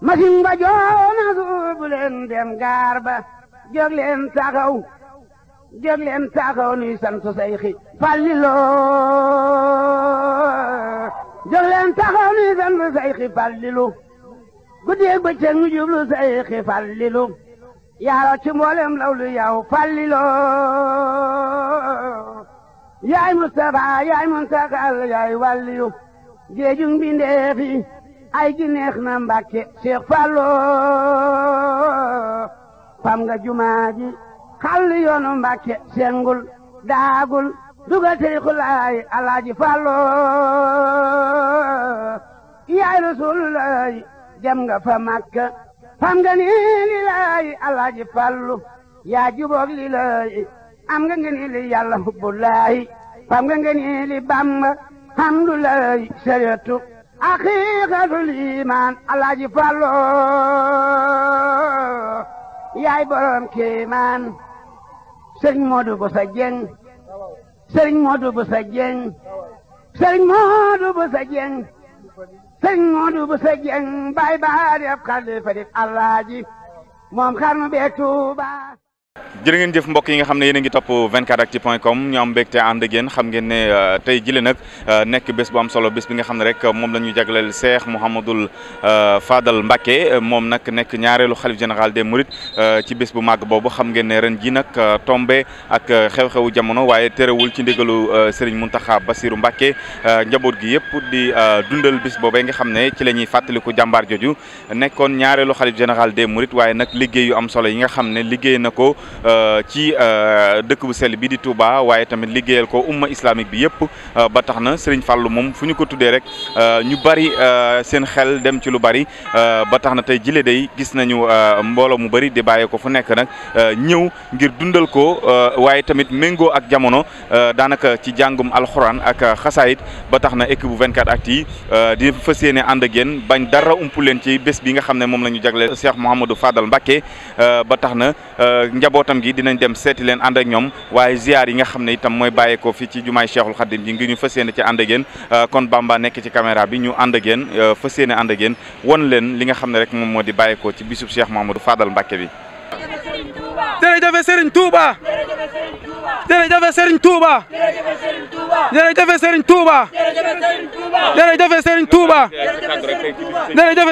ma ba joona suubu leen dem gaar ba jóg leen taxaw jóg leen taxaw nuy sant sayxi Fallilo jóg leen taxaw nuy sant sayxi Fallilu guddeeg bëccëg nu jublu sayxi Fallilu yaaro ci mboolem lawlu yow Fallilo yaay Mustafa yaay Muntakal yaay wàlliyu géejum bi ay gi na mbàkke Cheikh Fallu fam nga jumaa ji xàll yoonu mbàkke sengul daagul dugal tariixu laay alaaji Fallu yaay rasulullaay dem nga fa Makka fam nga ni li Fallu yaa juboog li am nga nga ni li yàlla fam nga nga ni li Bàmba hamdulaay sareetu haqiqatul iman alaaji Fallu yaay borom kéemaan sëriñ Modou Boussa Dieng sëriñ Modou Boussa Dieng sëriñ Modou Boussa Dieng bay baari ab xalifa di moom xarnu bee Tuuba jërë ngeen jëf mbokk yi nga xam ne yéen ngi topp 24actu.com ñu am mbégte ànd ak yéen xam ngeen ne euh, tey jile nag euh, nekk bés bu am solo bés bi nga xam ne rek euh, moom la ñu jagleel Cheikh Mouhamadul Fadal Mbacké moom nag nekk ñaareelu xalif général des Mourides ci bés bu màgg boobu xam ngeen ne ren ji nag tombe ak xew-xewu jamono waaye terewul ci ndigalu Serigne Mountakha Bassirou Mbacké njaboot gi yëpp di dundal bés boobee nga xam ne ci la ñuy fàttaliku jàmbaar jooju nekkoon ñaareelu xalif général des Mourides waaye nag liggéey am solo yi nga xam ne liggéey na ko Euh, ci euh, dëkk bu sell bi di Touba waaye tamit liggéeyal ko umma islamique bi yëpp euh, ba tax na Serigne Fallou moom fu ñu ko tuddee rek ñu bari seen xel dem ci lu bari ba tax na tey jile day gis nañu mbooloo mu bari di bàyyee ko fu nekk nag ñëw ngir dundal ko waaye tamit méngoo ak jamono daanaka ci jàngum alxuraan ak xasaayit ba tax na équipe bu 24 actu yi di fas yéene ànd ak yéen bañ dara umpu leen ci bés bi nga xam ne moom la ñu jagleel Cheikh Mouhamadou Fadal Mbacké ba tax bootam gi dinañ dem seeti leen ànd ak ñoom waaye ziar yi nga xam ne itam mooy bàyyeekoo fii ci jumaay Cheikhul Khadim ji ngir ñu fa yéene ci ànd ak yéen euh, kon Bamba nekk ci caméra bi ñu ànd ak yéen euh, fas yéene ànd ak yéen won leen li nga xam ne rek moom moo di bàyyeekoo ci bisub Cheikh Mamadou Fadal Mbacke bi jërëjëf Serigne Touba. jërëjëf Serigne Touba. jërëjëf Serigne Touba. jërëjëf Serigne Touba. jërëjëf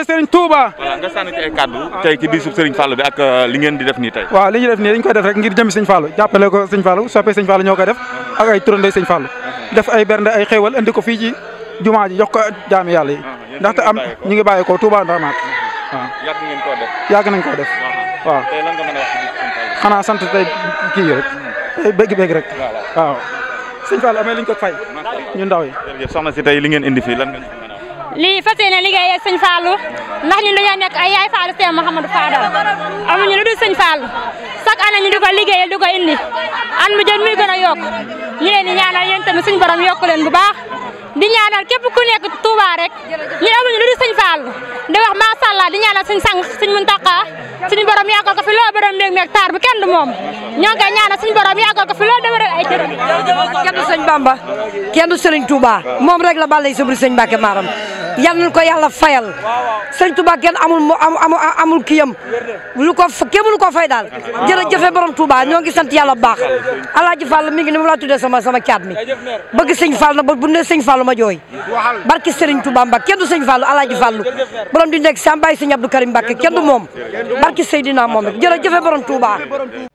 Serigne Touba. voilà nga sànni ci ay kaddu tey ci bisu Serigne Fallou bi ak euh, li ngeen di def nii tey. waaw li ñu def nii dañ koy def rek ngir jëm señ faalo jàppale ko Serigne Fallou soppe Serigne Fallou ñoo koy def ak ay turandoo Serigne Fallou def ay bernde ay xéewal andi ko fii ci jumaa ji jox ko yàlla yi ah, ndaxte am ñu ngi bàyyi ko Touba Ndamaat waaw yàgg ngeen koo def yàgg nañ koo def waaw xanaa sant tey kii rek tey bëgg-bëgg rek waaw. sëñ Fall amee ko fay ñu ndaw yi. jërëjëf soxna si li ngeen indi fi lan nga. lii fas yéene liggéey ak sëñ ndax ñun dañoo nekk ay yaay Fallou Seye Mouhamadou Fadal amuñu lu dul sëñ Fallou chaque année ñu di ko liggéeyal di ko indi an mu jël muy gën a yokk ñu ñaanal yéen tamit borom yokk leen bu baax di ñaanal képp ku nekk Touba rek li amuñu lu dul sëñ Fallou di wax macha allah di ñaanal suñu sang suñu Muntaqa suñu borom yàggal ko fi loolu ba doon méeg taar bi kenn du moom ñoo ngi koy ñaanal suñu borom ko fi loolu dama doon ay cër. kenn du sëñ Bamba kenn du Sëriñ Touba moom rek la bàllay sobri sëñ Mbacke Maram yal nañu ko yàlla fayal sëñ Touba kenn amul mu amul amul kiyam lu ko kenn mënu ko fay daal jërëjëf borom Touba ñoo ngi sant yàlla bu baax Alaaji Fall mi ngi ni mu laa tuddee sama sama caat mi bëgg sëñ Fall na ba bu ne sëñ Fall ma jooy barki sëriñ Touba Mbacke kenn du sëñ Fall Alaaji Fall borom di nekk Sambaay sëñ Abdou Karim Mbacke kenn du moom barki na moom rek jërëjëf borom Touba